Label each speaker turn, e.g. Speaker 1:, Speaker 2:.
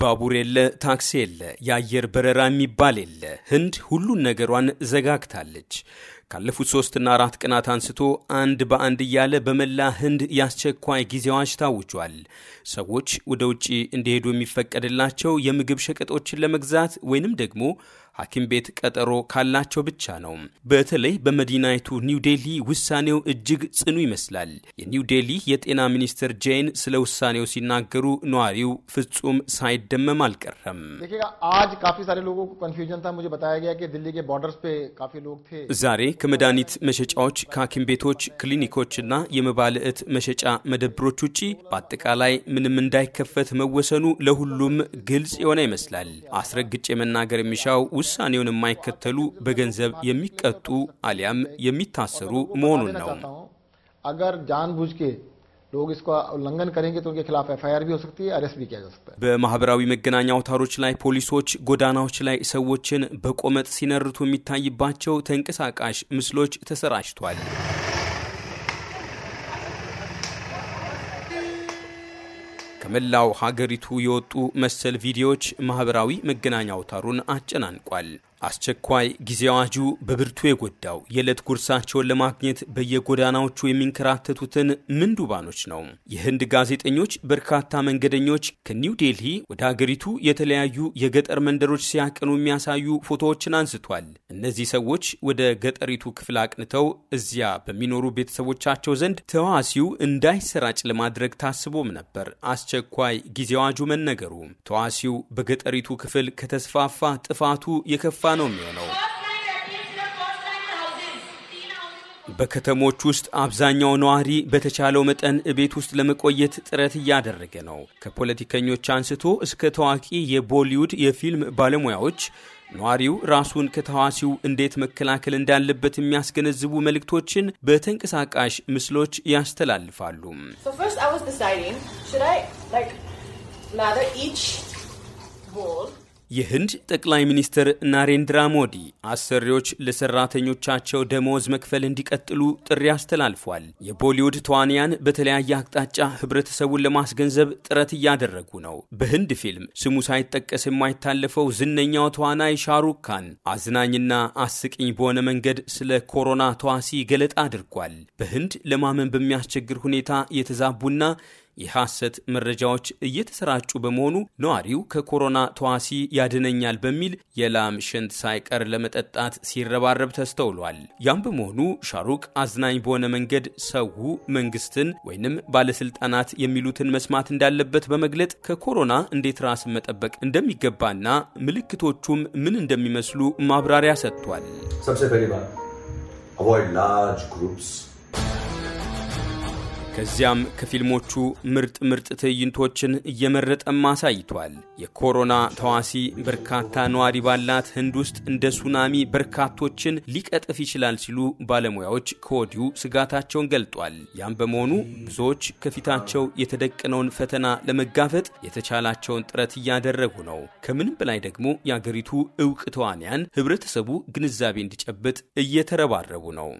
Speaker 1: ባቡር የለ፣ ታክሲ የለ፣ የአየር በረራ የሚባል የለ። ህንድ ሁሉን ነገሯን ዘጋግታለች። ካለፉት ሶስትና አራት ቀናት አንስቶ አንድ በአንድ እያለ በመላ ህንድ የአስቸኳይ ጊዜ አዋጅ ታውጇል። ሰዎች ወደ ውጭ እንዲሄዱ የሚፈቀድላቸው የምግብ ሸቀጦችን ለመግዛት ወይንም ደግሞ ሐኪም ቤት ቀጠሮ ካላቸው ብቻ ነው። በተለይ በመዲናይቱ ኒው ዴሊ ውሳኔው እጅግ ጽኑ ይመስላል። የኒው ዴሊ የጤና ሚኒስትር ጄን ስለ ውሳኔው ሲናገሩ ነዋሪው ፍጹም ሳይደመም አልቀረም። ዛሬ ከመድኃኒት መሸጫዎች፣ ከሐኪም ቤቶች፣ ክሊኒኮች እና የመባልዕት መሸጫ መደብሮች ውጪ በአጠቃላይ ምንም እንዳይከፈት መወሰኑ ለሁሉም ግልጽ የሆነ ይመስላል። አስረግጬ መናገር የሚሻው ውሳኔውን የማይከተሉ በገንዘብ የሚቀጡ አሊያም የሚታሰሩ መሆኑን ነው። लोग इसका उल्लंघन करेंगे तो उनके खिलाफ एफआईआर भी हो सकती है अरेस्ट भी किया जा सकता है በማህበራዊ መገናኛ አውታሮች ላይ ፖሊሶች ጎዳናዎች ላይ ሰዎችን በቆመጥ ሲነርቱ የሚታይባቸው ተንቀሳቃሽ ምስሎች ተሰራጭቷል። ከመላው ሀገሪቱ የወጡ መሰል ቪዲዮዎች ማህበራዊ መገናኛ አውታሩን አጨናንቋል። አስቸኳይ ጊዜ አዋጁ በብርቱ የጎዳው የዕለት ጉርሳቸውን ለማግኘት በየጎዳናዎቹ የሚንከራተቱትን ምንዱባኖች ነው። የህንድ ጋዜጠኞች በርካታ መንገደኞች ከኒው ዴልሂ ወደ አገሪቱ የተለያዩ የገጠር መንደሮች ሲያቀኑ የሚያሳዩ ፎቶዎችን አንስቷል። እነዚህ ሰዎች ወደ ገጠሪቱ ክፍል አቅንተው እዚያ በሚኖሩ ቤተሰቦቻቸው ዘንድ ተዋሲው እንዳይሰራጭ ለማድረግ ታስቦም ነበር አስቸኳይ ጊዜ አዋጁ መነገሩ። ተዋሲው በገጠሪቱ ክፍል ከተስፋፋ ጥፋቱ የከፋ ነው የሚሆነው። በከተሞች ውስጥ አብዛኛው ነዋሪ በተቻለው መጠን ቤት ውስጥ ለመቆየት ጥረት እያደረገ ነው። ከፖለቲከኞች አንስቶ እስከ ታዋቂ የቦሊውድ የፊልም ባለሙያዎች ነዋሪው ራሱን ከተዋሲው እንዴት መከላከል እንዳለበት የሚያስገነዝቡ መልእክቶችን በተንቀሳቃሽ ምስሎች ያስተላልፋሉ። የህንድ ጠቅላይ ሚኒስትር ናሬንድራ ሞዲ አሰሪዎች ለሰራተኞቻቸው ደሞዝ መክፈል እንዲቀጥሉ ጥሪ አስተላልፏል። የቦሊውድ ተዋንያን በተለያየ አቅጣጫ ህብረተሰቡን ለማስገንዘብ ጥረት እያደረጉ ነው። በህንድ ፊልም ስሙ ሳይጠቀስ የማይታለፈው ዝነኛው ተዋናይ ሻሩክ ካን አዝናኝና አስቂኝ በሆነ መንገድ ስለ ኮሮና ተዋሲ ገለጣ አድርጓል። በህንድ ለማመን በሚያስቸግር ሁኔታ የተዛቡና የሐሰት መረጃዎች እየተሰራጩ በመሆኑ ነዋሪው ከኮሮና ተዋሲ ያድነኛል በሚል የላም ሽንት ሳይቀር ለመጠጣት ሲረባረብ ተስተውሏል። ያም በመሆኑ ሻሩቅ አዝናኝ በሆነ መንገድ ሰው መንግስትን ወይንም ባለስልጣናት የሚሉትን መስማት እንዳለበት በመግለጥ ከኮሮና እንዴት ራስን መጠበቅ እንደሚገባና ምልክቶቹም ምን እንደሚመስሉ ማብራሪያ ሰጥቷል። ከዚያም ከፊልሞቹ ምርጥ ምርጥ ትዕይንቶችን እየመረጠም አሳይቷል። የኮሮና ተዋሲ በርካታ ነዋሪ ባላት ህንድ ውስጥ እንደ ሱናሚ በርካቶችን ሊቀጥፍ ይችላል ሲሉ ባለሙያዎች ከወዲሁ ስጋታቸውን ገልጧል። ያም በመሆኑ ብዙዎች ከፊታቸው የተደቀነውን ፈተና ለመጋፈጥ የተቻላቸውን ጥረት እያደረጉ ነው። ከምንም በላይ ደግሞ የአገሪቱ እውቅ ተዋንያን ህብረተሰቡ ግንዛቤ እንዲጨብጥ እየተረባረቡ ነው።